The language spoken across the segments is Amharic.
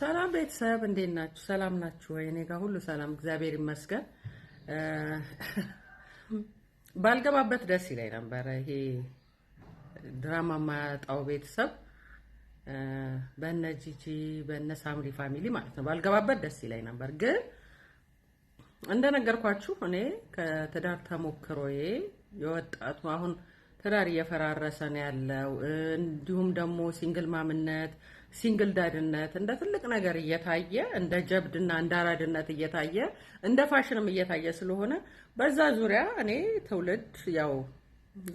ሰላም ቤተሰብ እንዴት ናችሁ? ሰላም ናችሁ ወይ? እኔ ጋር ሁሉ ሰላም እግዚአብሔር ይመስገን። ባልገባበት ደስ ይለኝ ነበረ። ይሄ ድራማ ማያጣው ቤተሰብ በነ ጂጂ በነ ሳምሪ ፋሚሊ ማለት ነው። ባልገባበት ደስ ይለኝ ነበር፣ ግን እንደነገርኳችሁ እኔ ከትዳር ተሞክሮዬ የወጣቱ አሁን ትዳር እየፈራረሰ ነው ያለው፣ እንዲሁም ደግሞ ሲንግል ማምነት ሲንግል ዳድነት እንደ ትልቅ ነገር እየታየ እንደ ጀብድና እንደ አራድነት እየታየ እንደ ፋሽንም እየታየ ስለሆነ በዛ ዙሪያ እኔ ትውልድ ያው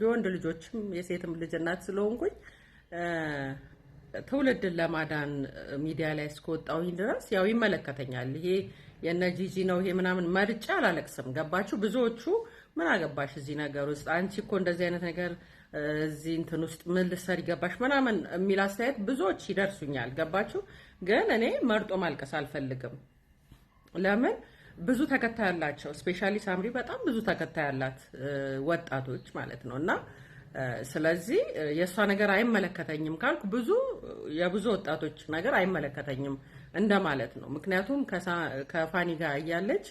የወንድ ልጆችም የሴትም ልጅ እናት ስለሆንኩኝ ትውልድን ለማዳን ሚዲያ ላይ እስከወጣሁኝ ድረስ ያው ይመለከተኛል። ይሄ የነ ጂጂ ነው ይሄ ምናምን መርጫ አላለቅስም። ገባችሁ ብዙዎቹ ምን አገባሽ እዚህ ነገር ውስጥ አንቺ እኮ እንደዚህ አይነት ነገር እዚህ እንትን ውስጥ ምን ልትሰሪ ገባሽ ምናምን የሚል አስተያየት ብዙዎች ይደርሱኛል። ገባችሁ? ግን እኔ መርጦ ማልቀስ አልፈልግም። ለምን ብዙ ተከታይ ያላቸው ስፔሻሊ ሳምሪ በጣም ብዙ ተከታይ ያላት ወጣቶች ማለት ነው እና ስለዚህ የእሷ ነገር አይመለከተኝም ካልኩ ብዙ የብዙ ወጣቶች ነገር አይመለከተኝም እንደማለት ነው። ምክንያቱም ከፋኒ ጋር እያለች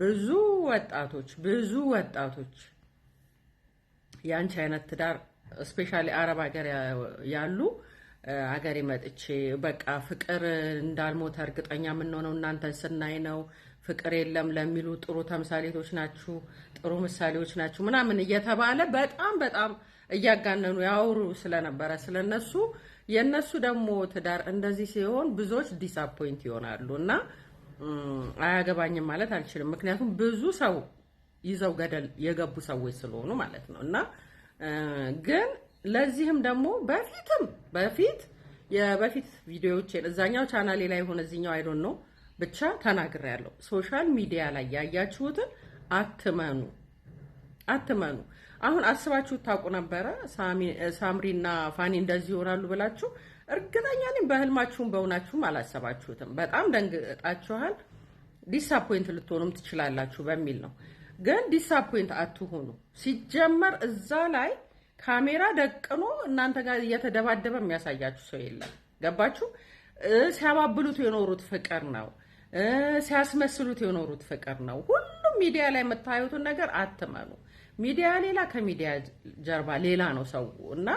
ብዙ ወጣቶች ብዙ ወጣቶች የአንቺ አይነት ትዳር ስፔሻሊ አረብ ሀገር ያሉ ሀገር መጥቼ በቃ ፍቅር እንዳልሞተ እርግጠኛ የምንሆነው እናንተን ስናይ ነው። ፍቅር የለም ለሚሉ ጥሩ ተምሳሌቶች ናችሁ፣ ጥሩ ምሳሌዎች ናችሁ ምናምን እየተባለ በጣም በጣም እያጋነኑ ያወሩ ስለነበረ ስለነሱ የእነሱ ደግሞ ትዳር እንደዚህ ሲሆን ብዙዎች ዲሳፖይንት ይሆናሉ እና አያገባኝም ማለት አልችልም ምክንያቱም ብዙ ሰው ይዘው ገደል የገቡ ሰዎች ስለሆኑ ማለት ነው። እና ግን ለዚህም ደግሞ በፊትም በፊት የበፊት ቪዲዮዎች እዛኛው ቻናሌ ላይ ሆነ እዚኛው አይዶን ነው ብቻ ተናግሬያለሁ። ሶሻል ሚዲያ ላይ ያያችሁትን አትመኑ አትመኑ። አሁን አስባችሁ ታውቁ ነበረ ሳምሪና ፋኒ እንደዚህ ይሆናሉ ብላችሁ እርግጠኛ ነኝ በህልማችሁም በእውናችሁም አላሰባችሁትም። በጣም ደንግጣችኋል። ዲስአፖይንት ልትሆኑም ትችላላችሁ በሚል ነው። ግን ዲስአፖይንት አትሆኑ። ሲጀመር እዛ ላይ ካሜራ ደቅኖ እናንተ ጋር እየተደባደበ የሚያሳያችሁ ሰው የለም። ገባችሁ? ሲያባብሉት የኖሩት ፍቅር ነው። ሲያስመስሉት የኖሩት ፍቅር ነው። ሁሉም ሚዲያ ላይ የምታዩትን ነገር አትመኑ። ሚዲያ ሌላ፣ ከሚዲያ ጀርባ ሌላ ነው ሰው እና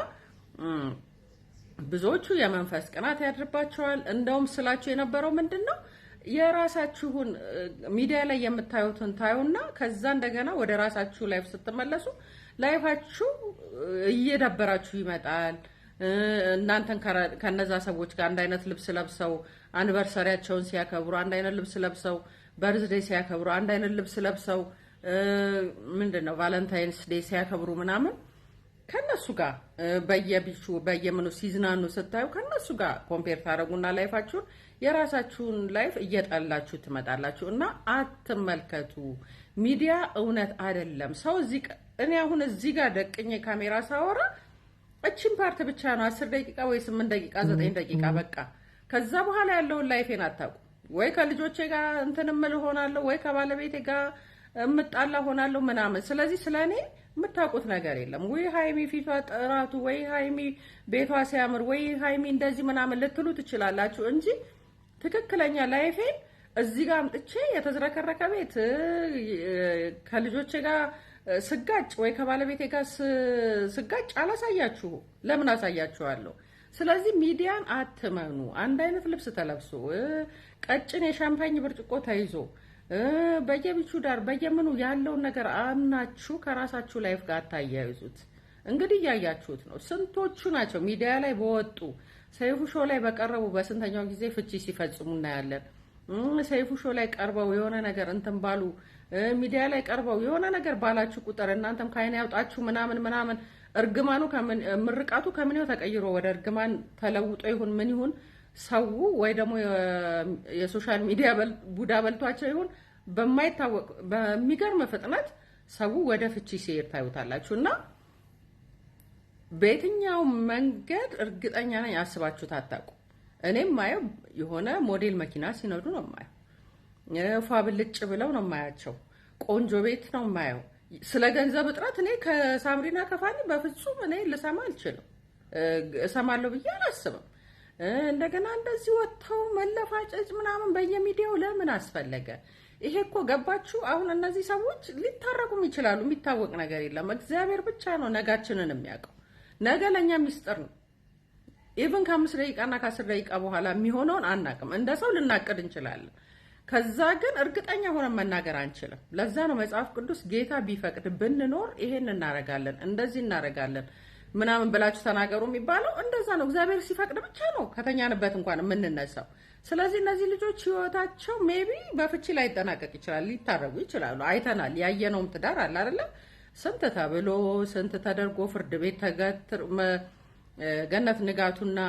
ብዙዎቹ የመንፈስ ቅናት ያድርባቸዋል። እንደውም ስላችሁ የነበረው ምንድን ነው የራሳችሁን ሚዲያ ላይ የምታዩትን ታዩና ከዛ እንደገና ወደ ራሳችሁ ላይፍ ስትመለሱ ላይፋችሁ እየደበራችሁ ይመጣል። እናንተን ከነዛ ሰዎች ጋር አንድ አይነት ልብስ ለብሰው አንቨርሰሪያቸውን ሲያከብሩ አንድ አይነት ልብስ ለብሰው በርዝዴ ሲያከብሩ አንድ አይነት ልብስ ለብሰው ምንድን ነው ቫለንታይንስ ዴ ሲያከብሩ ምናምን ከነሱ ጋር በየቢቹ በየምኑ ሲዝናኑ ስታዩ ከነሱ ጋር ኮምፔር ታደረጉና ላይፋችሁን የራሳችሁን ላይፍ እየጠላችሁ ትመጣላችሁ። እና አትመልከቱ። ሚዲያ እውነት አይደለም። ሰው እዚህ እኔ አሁን እዚህ ጋር ደቅኝ ካሜራ ሳወራ እችን ፓርት ብቻ ነው አስር ደቂቃ ወይ ስምንት ደቂቃ ዘጠኝ ደቂቃ በቃ። ከዛ በኋላ ያለውን ላይፌን አታውቁ ወይ ከልጆቼ ጋር እንትን እምል እሆናለሁ ወይ ከባለቤቴ ጋር ምጣላ ሆናለሁ ምናምን። ስለዚህ ስለ እኔ የምታውቁት ነገር የለም። ወይ ሀይሚ ፊቷ ጥራቱ፣ ወይ ሀይሚ ቤቷ ሲያምር፣ ወይ ሀይሚ እንደዚህ ምናምን ልትሉ ትችላላችሁ እንጂ ትክክለኛ ላይፌን እዚህ ጋር አምጥቼ የተዝረከረከ ቤት ከልጆቼ ጋር ስጋጭ ወይ ከባለቤቴ ጋር ስጋጭ አላሳያችሁ። ለምን አሳያችኋለሁ? ስለዚህ ሚዲያን አትመኑ። አንድ አይነት ልብስ ተለብሶ ቀጭን የሻምፓኝ ብርጭቆ ተይዞ በየቢቹ ዳር በየምኑ ያለውን ነገር አምናችሁ ከራሳችሁ ላይፍ ጋር አታያይዙት። እንግዲህ እያያችሁት ነው። ስንቶቹ ናቸው ሚዲያ ላይ በወጡ ሰይፉ ሾው ላይ በቀረቡ በስንተኛው ጊዜ ፍቺ ሲፈጽሙ እናያለን። ሰይፉ ሾ ላይ ቀርበው የሆነ ነገር እንትን ባሉ ሚዲያ ላይ ቀርበው የሆነ ነገር ባላችሁ ቁጥር እናንተም ከአይን ያውጣችሁ ምናምን ምናምን እርግማኑ ምርቃቱ ከምንው ተቀይሮ ወደ እርግማን ተለውጦ ይሁን ምን ይሁን ሰው ወይ ደግሞ የሶሻል ሚዲያ ቡዳ በልቷቸው ይሁን በማይታወቅ በሚገርም ፍጥነት ሰው ወደ ፍቺ ሲሄድ ታዩታላችሁ። እና በየትኛው መንገድ እርግጠኛ ነኝ አስባችሁ ታታቁ። እኔም ማየው የሆነ ሞዴል መኪና ሲነዱ ነው ማየው። ፏ ብልጭ ብለው ነው ማያቸው። ቆንጆ ቤት ነው ማየው። ስለ ገንዘብ እጥረት እኔ ከሳምሪና ከፋኒ በፍጹም እኔ ልሰማ አልችልም። እሰማለሁ ብዬ አላስብም። እንደገና እንደዚህ ወጥተው መለፋጨጭ ምናምን በየሚዲያው ለምን አስፈለገ? ይሄ እኮ ገባችሁ? አሁን እነዚህ ሰዎች ሊታረቁም ይችላሉ። የሚታወቅ ነገር የለም። እግዚአብሔር ብቻ ነው ነጋችንን የሚያውቀው። ነገ ለእኛ ሚስጥር ነው። ኢቭን ከአምስት ደቂቃና ከአስር ደቂቃ በኋላ የሚሆነውን አናቅም። እንደ ሰው ልናቅድ እንችላለን። ከዛ ግን እርግጠኛ ሆነ መናገር አንችልም። ለዛ ነው መጽሐፍ ቅዱስ ጌታ ቢፈቅድ ብንኖር ይሄን እናረጋለን፣ እንደዚህ እናረጋለን ምናምን ብላችሁ ተናገሩ የሚባለው እንደዛ ነው። እግዚአብሔር ሲፈቅድ ብቻ ነው ከተኛንበት እንኳን የምንነሳው። ስለዚህ እነዚህ ልጆች ህይወታቸው ሜቢ በፍቺ ይጠናቀቅ ይችላል፣ ሊታረጉ ይችላሉ። አይተናል። ያየነውም ትዳር አለ አይደለም ስንት ተብሎ ስንት ተደርጎ ፍርድ ቤት ተገትር ገነት ንጋቱና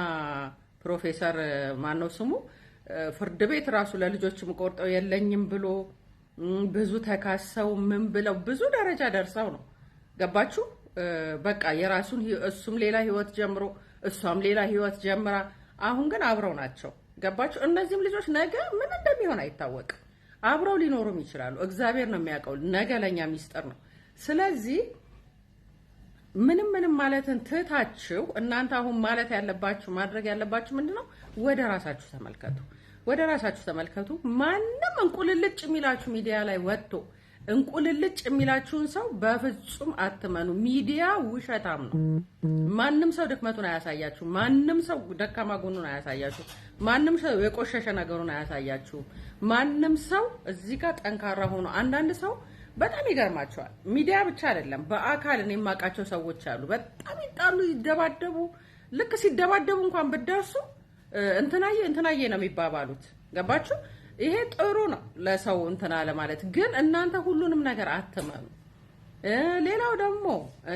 ፕሮፌሰር ማነው ስሙ ፍርድ ቤት ራሱ ለልጆችም ቆርጠው የለኝም ብሎ ብዙ ተካሰው ምን ብለው ብዙ ደረጃ ደርሰው ነው ገባችሁ በቃ የራሱን እሱም ሌላ ህይወት ጀምሮ እሷም ሌላ ህይወት ጀምራ አሁን ግን አብረው ናቸው። ገባችሁ? እነዚህም ልጆች ነገ ምን እንደሚሆን አይታወቅም። አብረው ሊኖሩም ይችላሉ። እግዚአብሔር ነው የሚያውቀው። ነገ ለእኛ ሚስጥር ነው። ስለዚህ ምንም ምንም ማለትን ትታችሁ እናንተ አሁን ማለት ያለባችሁ ማድረግ ያለባችሁ ምንድን ነው? ወደ ራሳችሁ ተመልከቱ። ወደ ራሳችሁ ተመልከቱ። ማንም እንቁልልጭ የሚላችሁ ሚዲያ ላይ ወጥቶ እንቁልልጭ የሚላችሁን ሰው በፍጹም አትመኑ። ሚዲያ ውሸታም ነው። ማንም ሰው ድክመቱን አያሳያችሁ። ማንም ሰው ደካማ ጎኑን አያሳያችሁ። ማንም ሰው የቆሸሸ ነገሩን አያሳያችሁ። ማንም ሰው እዚህ ጋር ጠንካራ ሆኖ አንዳንድ ሰው በጣም ይገርማቸዋል። ሚዲያ ብቻ አይደለም፣ በአካል እኔ የማውቃቸው ሰዎች አሉ። በጣም ይጣሉ፣ ይደባደቡ። ልክ ሲደባደቡ እንኳን ብደርሱ እንትናዬ እንትናዬ ነው የሚባባሉት። ገባችሁ? ይሄ ጥሩ ነው ለሰው እንትና ለማለት ግን እናንተ ሁሉንም ነገር አትመኑ። ሌላው ደግሞ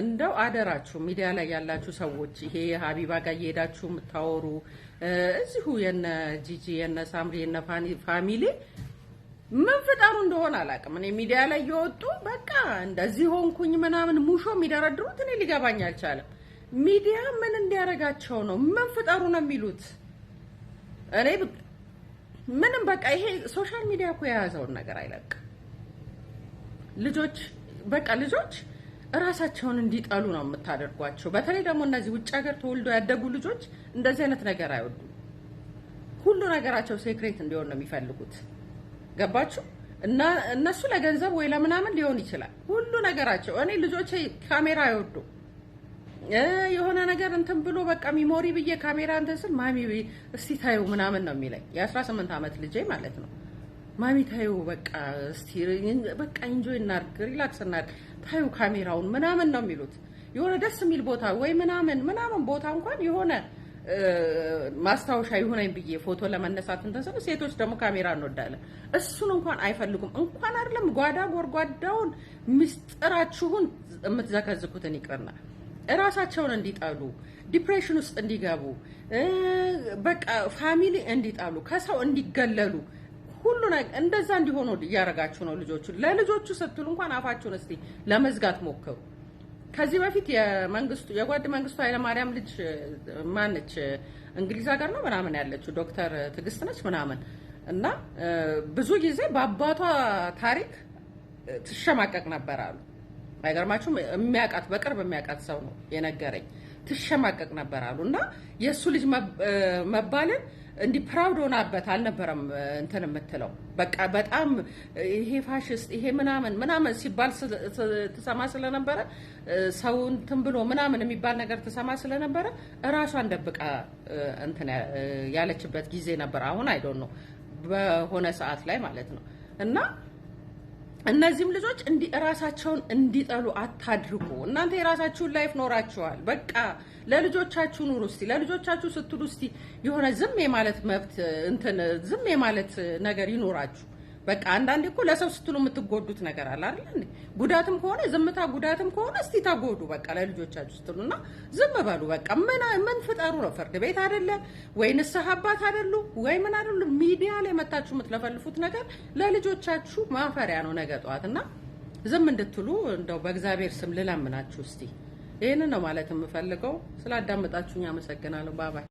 እንደው አደራችሁ ሚዲያ ላይ ያላችሁ ሰዎች ይሄ ሀቢባ ጋር እየሄዳችሁ የምታወሩ እዚሁ የነ ጂጂ የነ ሳምሪ የነ ፋሚሊ ምን ፍጠሩ እንደሆነ አላውቅም። እኔ ሚዲያ ላይ እየወጡ በቃ እንደዚህ ሆንኩኝ ምናምን ሙሾ የሚደረድሩት እኔ ሊገባኝ አልቻለም። ሚዲያ ምን እንዲያደርጋቸው ነው? ምን ፍጠሩ ነው የሚሉት እኔ ምንም በቃ ይሄ ሶሻል ሚዲያ እኮ የያዘውን ነገር አይለቅም። ልጆች በቃ ልጆች እራሳቸውን እንዲጠሉ ነው የምታደርጓቸው። በተለይ ደግሞ እነዚህ ውጭ ሀገር ተወልደው ያደጉ ልጆች እንደዚህ አይነት ነገር አይወዱም። ሁሉ ነገራቸው ሴክሬት እንዲሆን ነው የሚፈልጉት። ገባችሁ? እና እነሱ ለገንዘብ ወይ ለምናምን ሊሆን ይችላል ሁሉ ነገራቸው። እኔ ልጆቼ ካሜራ አይወዱ የሆነ ነገር እንትን ብሎ በቃ ሚሞሪ ብዬ ካሜራ እንትን ስል ማሚ እስቲ ታዩ ምናምን ነው የሚለኝ የ18 ዓመት ልጄ ማለት ነው። ማሚ ታዩ በቃ እስቲ በቃ ኢንጆይ እናርግ፣ ሪላክስ እናርግ፣ ታዩ ካሜራውን ምናምን ነው የሚሉት። የሆነ ደስ የሚል ቦታ ወይ ምናምን ምናምን ቦታ እንኳን የሆነ ማስታወሻ ይሁነኝ ብዬ ፎቶ ለመነሳት እንትን ስል ሴቶች ደግሞ ካሜራ እንወዳለን። እሱን እንኳን አይፈልጉም። እንኳን አይደለም ጓዳ ጎርጓዳውን ምስጢራችሁን የምትዘከዝኩትን ይቅርና እራሳቸውን እንዲጠሉ ዲፕሬሽን ውስጥ እንዲገቡ በቃ ፋሚሊ እንዲጣሉ ከሰው እንዲገለሉ ሁሉ እንደዛ እንዲሆኑ እያደረጋችሁ ነው። ልጆቹ ለልጆቹ ስትሉ እንኳን አፋችሁን እስቲ ለመዝጋት ሞክሩ። ከዚህ በፊት የመንግስቱ የጓድ መንግስቱ ኃይለማርያም ልጅ ማነች እንግሊዝ ሀገር ነው ምናምን ያለችው ዶክተር ትግስት ነች ምናምን እና ብዙ ጊዜ በአባቷ ታሪክ ትሸማቀቅ ነበር አሉ አይገርማችሁም? የሚያውቃት በቅርብ የሚያውቃት ሰው ነው የነገረኝ። ትሸማቀቅ ነበር አሉ እና የእሱ ልጅ መባልን እንዲህ ፕራውድ ሆናበት አልነበረም እንትን የምትለው በቃ በጣም ይሄ ፋሽስት ይሄ ምናምን ምናምን ሲባል ትሰማ ስለነበረ ሰው እንትን ብሎ ምናምን የሚባል ነገር ትሰማ ስለነበረ እራሷን ደብቃ እንትን ያለችበት ጊዜ ነበር። አሁን አይዶን ነው በሆነ ሰዓት ላይ ማለት ነው እና እነዚህም ልጆች እንዲ እንዲጠሉ አታድርጉ። እናንተ የራሳችሁን ላይፍ ኖራችኋል። በቃ ለልጆቻችሁ ኑሩ። እስቲ ለልጆቻችሁ ስትሉ እስቲ የሆነ ዝም የማለት መብት እንትን ዝም የማለት ነገር ይኖራችሁ። በቃ አንዳንዴ እኮ ለሰው ስትሉ የምትጎዱት ነገር አለ አይደል? ጉዳትም ከሆነ ዝምታ ጉዳትም ከሆነ እስቲ ተጎዱ በቃ ለልጆቻችሁ ስትሉና ዝም በሉ በቃ ምን ምን ፍጠሩ ነው? ፍርድ ቤት አይደለ ወይ ንስሐ አባት አይደሉ ወይ ምን አይደሉ? ሚዲያ ላይ መታችሁ የምትለፈልፉት ነገር ለልጆቻችሁ ማፈሪያ ነው ነገ ጠዋት ዝም እንድትሉ እንደው በእግዚአብሔር ስም ልለምናችሁ እስቲ። ይህንን ነው ማለት የምፈልገው። ስላዳመጣችሁኝ አመሰግናለሁ። ባባይ